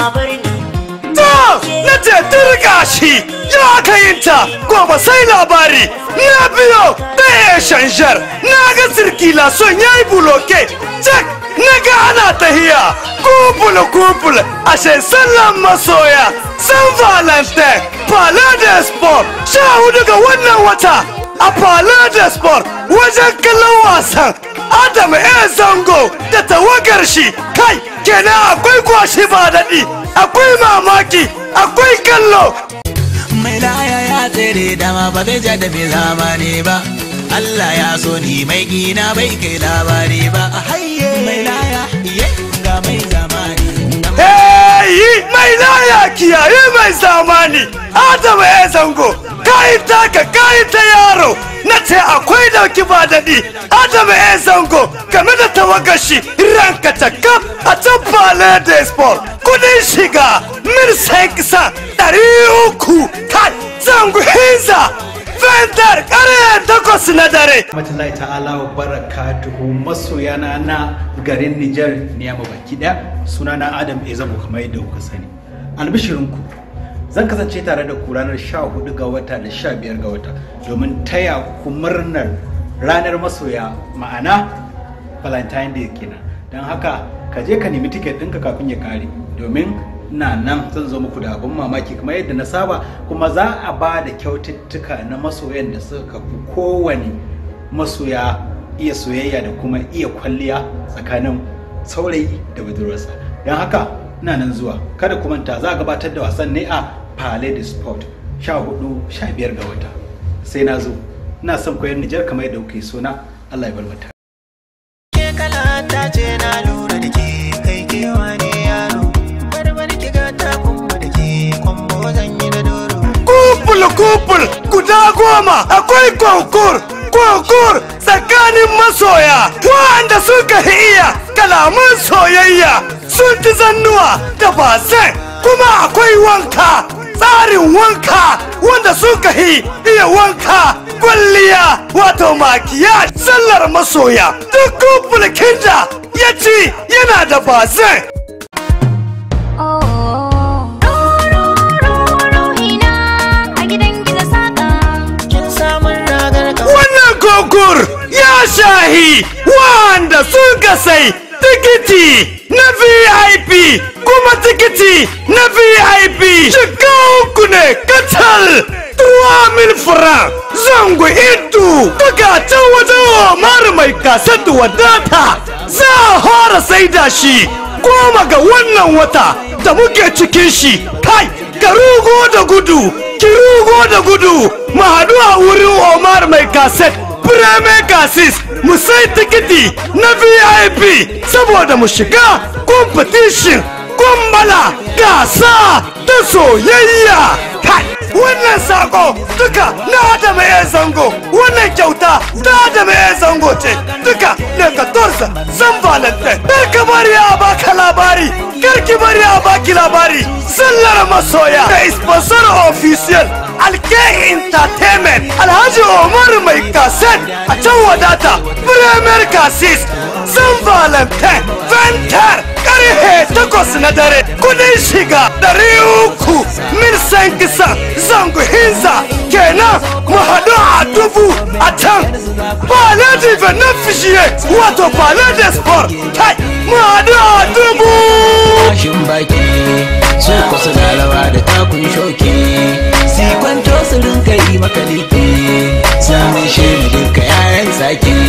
ya bar ni turga shi ya aka yinta gobe sai labari na biyo ɗaya shanjar na ga sirkila son ya yi buloke cek na ga ana tahiya kubul kubul ashe sallan masoya san valentine palade sport sha hudu ga wannan wata a palade sport wajen kallon wasan adam e zango da tawagar shi kai kenan akwai kwashi ba daɗi akwai mamaki akwai kallo mai laya ya tsere dama ba zai ja da mai zamani ba Allah ya so ni mai gina bai kai labari ba mai laya ga mai zamani Hey, mai laya kiyaye mai zamani Adama ya zango kayin taka kayin ta yaro na ce akwai dauki ba daɗi adama ya zango game da tawagashi ranka ta kaf a can fale da sport kudin shiga mil sai kisa ɗari uku kai zango hinza vendar ƙarya takwas na dare. Matulai ta'ala wa barakatuhu masoya na garin Nijar ne baki ɗaya sunana Adam zango kamar yadda kuka sani. Albishirinku zan kasance tare da ku ranar 14 ga wata da 15 ga wata domin taya ku murnar ranar masoya ma'ana valentine day kenan don haka ka je ka nemi tiket ɗinka kafin ya kare domin na nan zan zo muku da abin mamaki kuma yadda na saba kuma za a ba da kyaututtuka na masoyan da suka fi kowane masoya iya soyayya da kuma iya kwalliya tsakanin saurayi da budurwarsa don haka ina nan zuwa kada ku manta za a gabatar da wasan ne a Palais Sport 14-15 ga wata sai na zo ina son koyar Nijar kamar yadda kuke so na Allah ya bar mata ke kala ta ce na lura da ke ne yaro da ke kwambo zan yi da kupul kupul guda goma akwai kokur-kokur tsakanin masoya wanda suka hi alamun soyayya sun ji zannuwa da zan kuma akwai wanka tsarin wanka wanda sun kahi iya wanka kwalliya wato makiya sallar masoya duk kumfulkin da ya ci yana da zan wannan gogur ya shahi wanda sun gasai tikiti na vip kuma tikiti na vip shiga uku ne katal 3000 francs zango itu daga can wajen omar mai kaset wadata za a hora sai da shi goma ga wannan wata da muke cikin shi kai ka da gudu kirugo da gudu mu haɗu a wurin omar mai kaset Premier sis mu tikiti na VIP saboda mu shiga competition kummala gasa ta soyayya. Wannan sako duka na Adamu ya zango, wannan kyauta ta Adamu ya zango ce duka na katorza San Valentine. Kar ka bari a baka labari, kar ki bari a baki labari, sallar masoya da sponsor official alke entertainment alhaji omar mai kaset a can wadata premier kasis san valentine ventar karhe takwas na dare kudin shiga dari uku mil san kisa zangu hinza kenan mu haɗu a dubu a can paladi beneficiary wato paladi sport kai mu haɗu a dubu baki su kwasu da rawa da I